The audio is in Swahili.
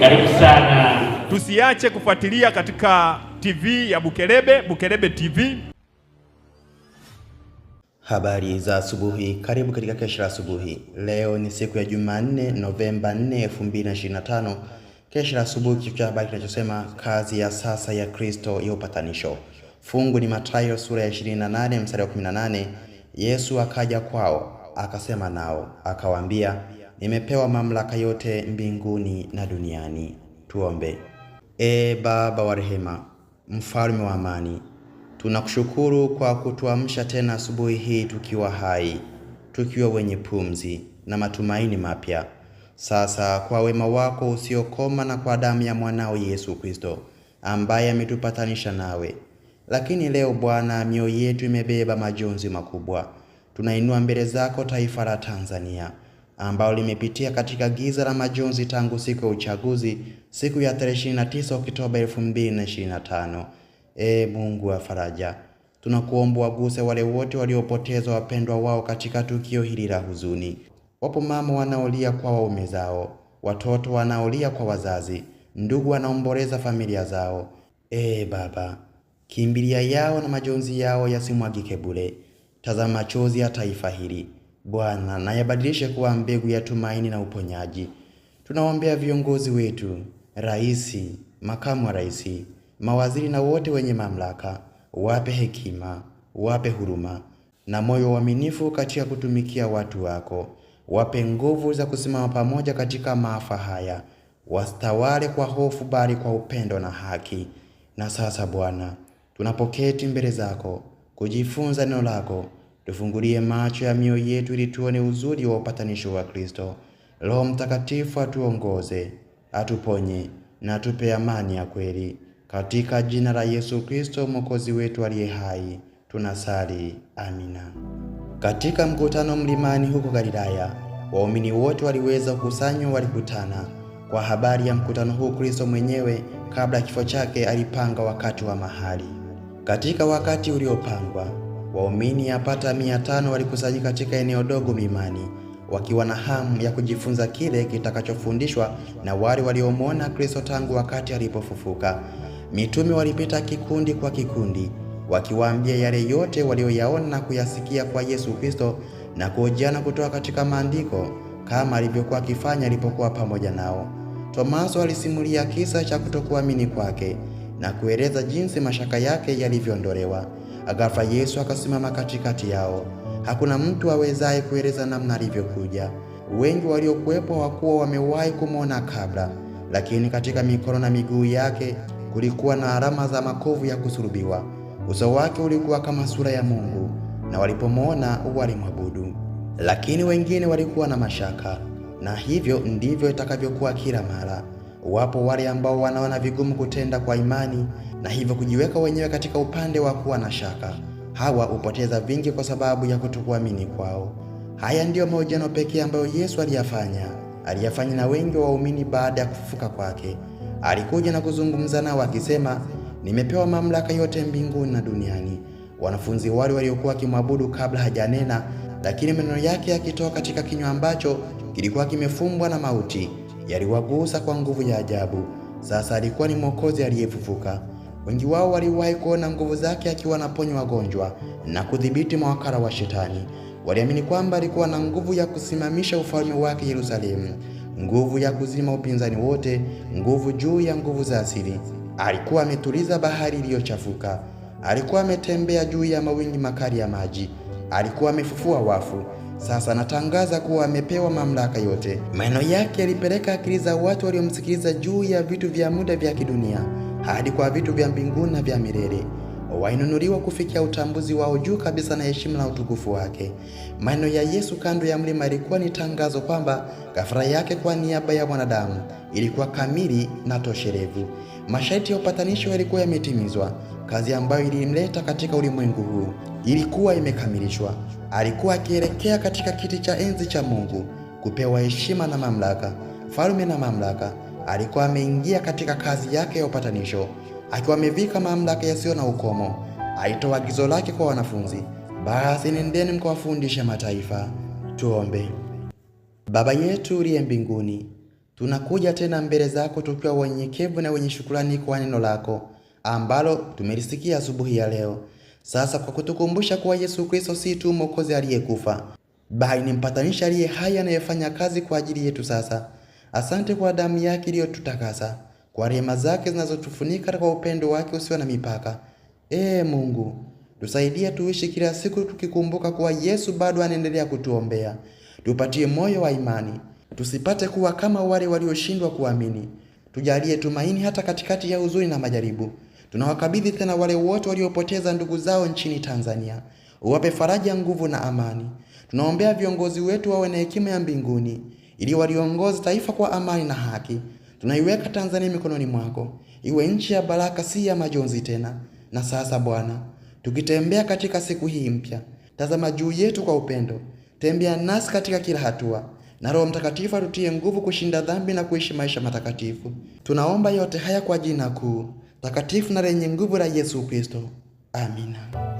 Karibu sana. Tusiache kufuatilia katika TV ya Bukelebe, Bukelebe TV. Habari za asubuhi, karibu katika kesha la asubuhi. Leo ni siku ya Jumanne, Novemba 4, 2025. Kesha la asubuhi, kichwa cha habari kinachosema kazi ya sasa ya Kristo ya upatanisho. Fungu ni Mathayo sura ya 28 mstari wa 18, Yesu akaja kwao akasema nao akawaambia nimepewa mamlaka yote mbinguni na duniani. Tuombe. E Baba wa rehema, mfalme wa amani, tunakushukuru kwa kutuamsha tena asubuhi hii tukiwa hai, tukiwa wenye pumzi na matumaini mapya. Sasa kwa wema wako usiokoma na kwa damu ya mwanao Yesu Kristo ambaye ametupatanisha nawe. Lakini leo Bwana, mioyo yetu imebeba majonzi makubwa. Tunainua mbele zako taifa la Tanzania ambalo limepitia katika giza la majonzi tangu siku ya uchaguzi, siku ya tarehe 29 Oktoba 2025. Ee Mungu wa faraja, tunakuomba waguse wale wote waliopoteza wapendwa wao katika tukio hili la huzuni. Wapo mama wanaolia kwa waume zao, watoto wanaolia kwa wazazi, ndugu wanaomboleza familia zao. Ee Baba, kimbilia yao na majonzi yao yasimwagike bure. Tazama machozi ya taifa hili. Bwana na yabadilishe kuwa mbegu ya tumaini na uponyaji. Tunaombea viongozi wetu, rais, makamu wa rais, mawaziri na wote wenye mamlaka, wape hekima, wape huruma na moyo uaminifu katika kutumikia watu wako. Wape nguvu za kusimama pamoja katika maafa haya. Wastawale kwa hofu, bali kwa upendo na haki. Na sasa Bwana, tunapoketi mbele zako kujifunza neno lako Tufungulie macho ya mioyo yetu ili tuone uzuri wa upatanisho wa Kristo. Roho Mtakatifu atuongoze, atuponye na atupe amani ya kweli. Katika jina la Yesu Kristo mwokozi wetu aliye hai tunasali, amina. Katika mkutano mlimani huko Galilaya, waumini wote waliweza kukusanywa, walikutana kwa habari ya mkutano huu. Kristo mwenyewe kabla ya kifo chake alipanga wakati wa mahali. Katika wakati uliopangwa Waumini yapata mia tano walikusanyika katika eneo dogo Mlimani wakiwa na hamu ya kujifunza kile kitakachofundishwa na wale waliomwona Kristo tangu wakati alipofufuka. Mitume walipita kikundi kwa kikundi, wakiwaambia yale yote walioyaona na kuyasikia kwa Yesu Kristo na kuhojiana kutoka katika maandiko kama alivyokuwa akifanya alipokuwa pamoja nao. Tomaso alisimulia kisa cha kutokuamini kwake na kueleza jinsi mashaka yake yalivyoondolewa. Ghafla Yesu akasimama katikati yao. Hakuna mtu awezaye kueleza namna alivyokuja. Wengi waliokuwepo wakuwa wamewahi kumwona kabla, lakini katika mikono na miguu yake kulikuwa na alama za makovu ya kusulubiwa. Uso wake ulikuwa kama sura ya Mungu, na walipomwona walimwabudu, lakini wengine walikuwa na mashaka. Na hivyo ndivyo itakavyokuwa kila mara. Wapo wale ambao wanaona vigumu kutenda kwa imani, na hivyo kujiweka wenyewe katika upande wa kuwa na shaka. Hawa hupoteza vingi kwa sababu ya kutokuamini kwao. Haya ndiyo mahojiano pekee ambayo Yesu aliyafanya, aliyafanya na wengi wa waumini baada ya kufufuka kwake. Alikuja na kuzungumza nao akisema, nimepewa mamlaka yote mbinguni na duniani. Wanafunzi wale waliokuwa wakimwabudu kabla hajanena, lakini maneno yake yakitoka katika kinywa ambacho kilikuwa kimefumbwa na mauti yaliwagusa kwa nguvu ya ajabu. Sasa alikuwa ni Mwokozi aliyefufuka. Wengi wao waliwahi kuona nguvu zake akiwa anaponya wagonjwa na kudhibiti mawakala wa Shetani. Waliamini kwamba alikuwa na nguvu ya kusimamisha ufalme wake Yerusalemu, nguvu ya kuzima upinzani wote, nguvu juu ya nguvu za asili. Alikuwa ametuliza bahari iliyochafuka, alikuwa ametembea juu ya mawingi makali ya maji, alikuwa amefufua wafu. Sasa anatangaza kuwa amepewa mamlaka yote. Maneno yake yalipeleka akili za watu waliomsikiliza juu ya vitu vya muda vya kidunia hadi kwa vitu vya mbinguni na vya milele wainunuliwa kufikia utambuzi wao juu kabisa na heshima na utukufu wake. Maneno ya Yesu kando ya mlima ilikuwa ni tangazo kwamba kafara yake kwa niaba ya mwanadamu ilikuwa kamili na tosherevu. Masharti ya upatanisho yalikuwa yametimizwa. Kazi ambayo ilimleta katika ulimwengu huu ilikuwa imekamilishwa. Alikuwa akielekea katika kiti cha enzi cha Mungu kupewa heshima na mamlaka, falme na mamlaka alikuwa ameingia katika kazi yake ya upatanisho akiwa amevika mamlaka yasiyo na ukomo. Aitoa agizo lake kwa wanafunzi, basi nendeni mkawafundishe mataifa. Tuombe. Baba yetu uliye mbinguni, tunakuja tena mbele zako tukiwa wenyekevu na wenye shukurani kwa neno lako ambalo tumelisikia asubuhi ya leo. Sasa kwa kutukumbusha kuwa Yesu Kristo si tu mwokozi aliyekufa, bali ni mpatanishi aliye hai anayefanya kazi kwa ajili yetu sasa Asante kwa damu yake iliyotutakasa, kwa rehema zake zinazotufunika kwa upendo wake usio na mipaka. Ee Mungu, tusaidie tuishi kila siku tukikumbuka kuwa Yesu bado anaendelea kutuombea. Tupatie moyo wa imani, tusipate kuwa kama wale walioshindwa kuamini. Tujalie tumaini hata katikati ya huzuni na majaribu. Tunawakabidhi tena wale wote waliopoteza ndugu zao nchini Tanzania, uwape faraja, nguvu na amani. Tunaombea viongozi wetu wawe na hekima ya mbinguni ili waliongoze taifa kwa amani na haki. Tunaiweka Tanzania mikononi mwako, iwe nchi ya baraka, si ya majonzi tena. Na sasa Bwana, tukitembea katika siku hii mpya, tazama juu yetu kwa upendo, tembea nasi katika kila hatua, na Roho Mtakatifu atutie nguvu kushinda dhambi na kuishi maisha matakatifu. Tunaomba yote haya kwa jina kuu takatifu na lenye nguvu la Yesu Kristo, amina.